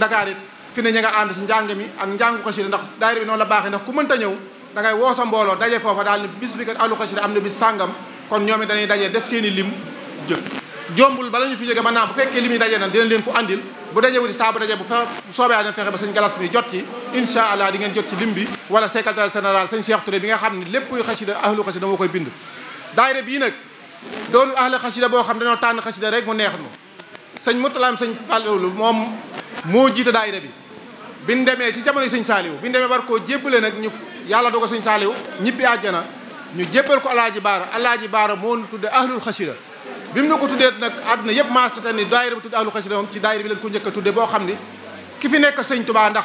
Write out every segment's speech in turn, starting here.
Dakar it fi ne ña nga ànd ci njàng mi ak njàngu xasida ndax daayira bi noonu la baaxee ndax ku mënta ñëw da ngay woo sa mbooloo daje foofa daal ni bis bi kat am na bis sàngam kon ñoom it dañuy daje def seen lim jë jombul bala ñu fi jóge mën naa bu fekkee li muy daje nan dina leen ko andil bu daje wuti saa bu daje bu fe soobee dina fexe ba sëñ galas mi jot ci insha allah di jot ci lim bi wala secrétaire général sëñ Cheikh Touré bi nga xam ne lépp xasida ahlu xasida moo koy bind daayira bii nag doonul ahlu moo jiite daayira bi biñ demee ci jamono sëñ saaliw bi demee war koo jébbale nag ñu yàlla doo ko sëñ saaliw ñibbi àjjana ñu jébbal ko alaaji baara alaaji baara moo nu tudde ahlul xasida bi mu na ko tuddee nag àdduna yëpp maasata ni daayira bi tudde ahlul xasida moom ci daayira bi leen ko njëkk a tudde boo xam ni ki fi nekk sëñ tubaa ndax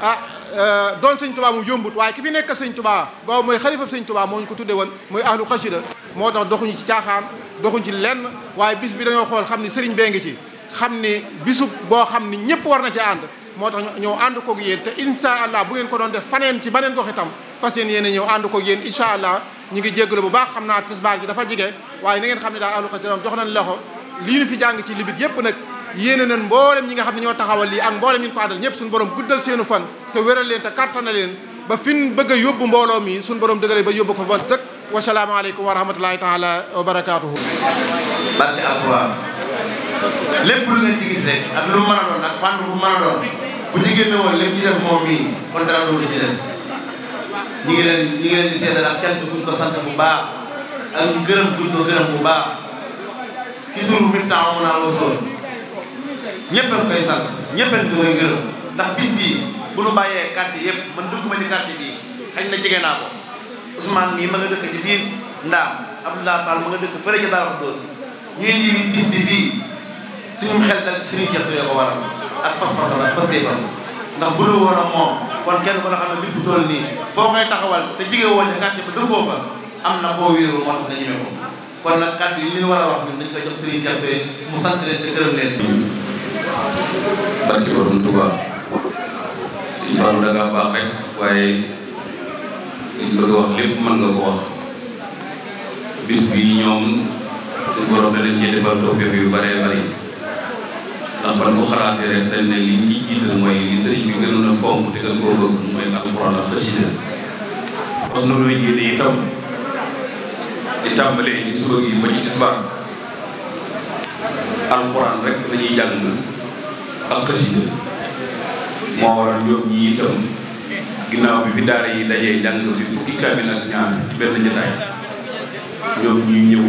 ah euh, doon sëñ tubaa mu yombut waaye ki fi nekk sëñ tubaa boobu mooy xalifa sëñ tubaa moo ñu ko tuddee woon mooy ahlul xasida moo tax doxuñu ci caaxaan doxuñ ci lenn waaye bis bi dañoo xool xam ni sëriñ bee ngi ci xam ne bisub boo xam ne ñëpp war na ci ànd moo tax ñëw ànd koog yéen te incha allah bu ngeen ko doon def faneen ci baneen gox itam fas yéen yéen a ñëw ànd koog yéen incha allah ñu ngi jégalu bu baax xam naa tisbaar ji dafa jige waaye na ngeen xam ne daal ahlu xasida jox nañ loxo lii ñu fi jàng ci libit yëpp nag yéene nañ mboolem ñi nga xam ne ñoo taxawal lii ak mboolem ñun ko àndal ñëpp suñu borom guddal seenu fan te wéral leen te kartana leen ba fin bëgg a yóbbu mbooloo mi suñu borom dëgale ba yóbbu ko ban sëkk wasalaamaaleykum wa rahmatulahi taala wa barakaatuhu barke alquran lépp lu ngeen ci gis rek ak a doon na fànn bu mën doon bu ci génne woon lépp ñu def moom mii kon dara loolu ci des ñu ngi leen ñu ngi leen di seedal ak cant buñ ko sant bu baax ak gërëm buñ ko gërëm bu baax ci turu Miftah mën naa loo soon ñëpp a koy sant ñëpp a koy gërëm ndax bis bii bu nu bàyyee quartier yëpp man dugg ma ci quartier bii xañ na jege naa ko Ousmane mii ma nga dëkk ci biir Ndaam Abdoulaye Fall ma nga dëkk fële ca Darou Khoudoss ñuy fii suñu xel nag Serigne Cheikh Touré ko waral ndax bu dul woon moom kon kenn ko la xam nii foo koy taxawal te jige woon ne ngànte ba dëggoo fa am na koo wéeru moo tax na ñeme ko kon nag kàddu yi li war a wax ñun dañu koy jox Serigne Cheikh mu sant leen te gërëm leen. barke borom Tuubaa suñu Fallou da ngaa baax rek waaye liñ bëgg a wax lépp mën nga ko wax bis bi ñoom suñu borom da leen cee defal tawfeex yu bëree bëri. ndax ban ko xalaatee rek dañ ne li ñuy jiital mooy sëriñ bi gënoon a te gën koo bëgg mooy alxuraan ak xasida fas na looy yéene itam di tàmbalee ci suba gi ba ci tisbaar alxuraan rek lañuy jàng ak xasida moo waral ñoom ñi itam ginnaaw bi fi daara yi dajee jàng fi fukki kaamil ak ñaar benn jotaay ñoom ñuy ñëw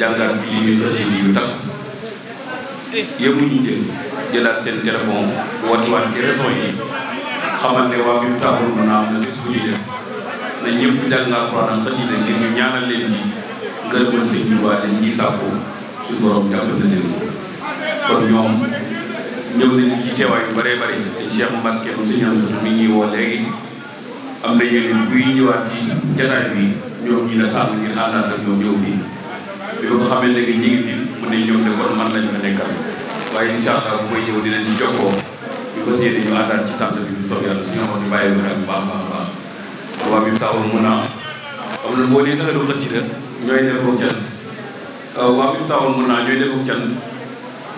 jàngaat fi li ñuy xasida yu takk yëpp ñu jël jëlaat seen téléphone wootiwaat ci réseau yi xamal ne waa Miftahoul Mouna na bis bu ñu def na ñëpp jàng alxuraan xasida ngir ñu ñaanal leen ji ngërëmal sëñ bi waa leen ñi sàkku suñu borom jàpp na leen kon ñoom ñëw nañu ci teewaay yu bëree ñuy woo léegi am na yeneen buy ñëwaat ci jataay bi ñoom ñi la tànn ngir àndaat ak ñoom ñëw fii bi ñu ngi day ñëw ne kon man lañ fa nekkal waaye incha allah bu koy ñëw dinañ jokkoo ñu fas yéene ñu àndaat ci tànn bi ñu soog yàlla a xam nga a ñooy def foofu cant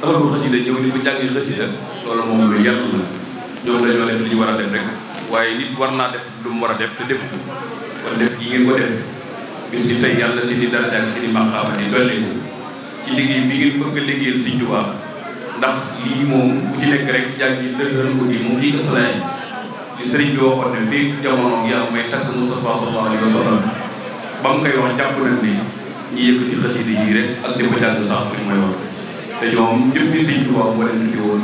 la ñoom dañoo def li war naa def lu war a def te si di dara ak si di maqaama di dolli ci liggéey bi ngeen bëgg a liggéeyal Sëñ Tuubaa ndax lii moom bu ci nekk rek yaa ngi dëgëral ko di mu fii ko salaay li sëriñ bi waxoon ne fii jamono yàlla may takk Mustafa sallallahu alayhi wa sallam ba mu koy wax jàpp nañ ni ñu yëkkati xasida yi rek ak di ko jàng saa su mooy wax te ñoom jëm ni Sëñ Tuubaa boo leen di woon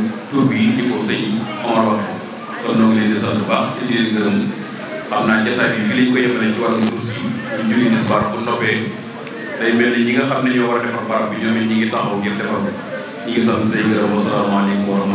bi di ko sëñ Omar waxe kon noo leen di sant baax te di leen xam naa jotaay bi fii lañ ko yemale ci wàllu tur si day mel ni ñi nga xam ne ñoo war a defar barab bi ñoom it ñi ngi taxaw ngir defar ko ñi ngi sant tey gërëm wasalaamaaleykum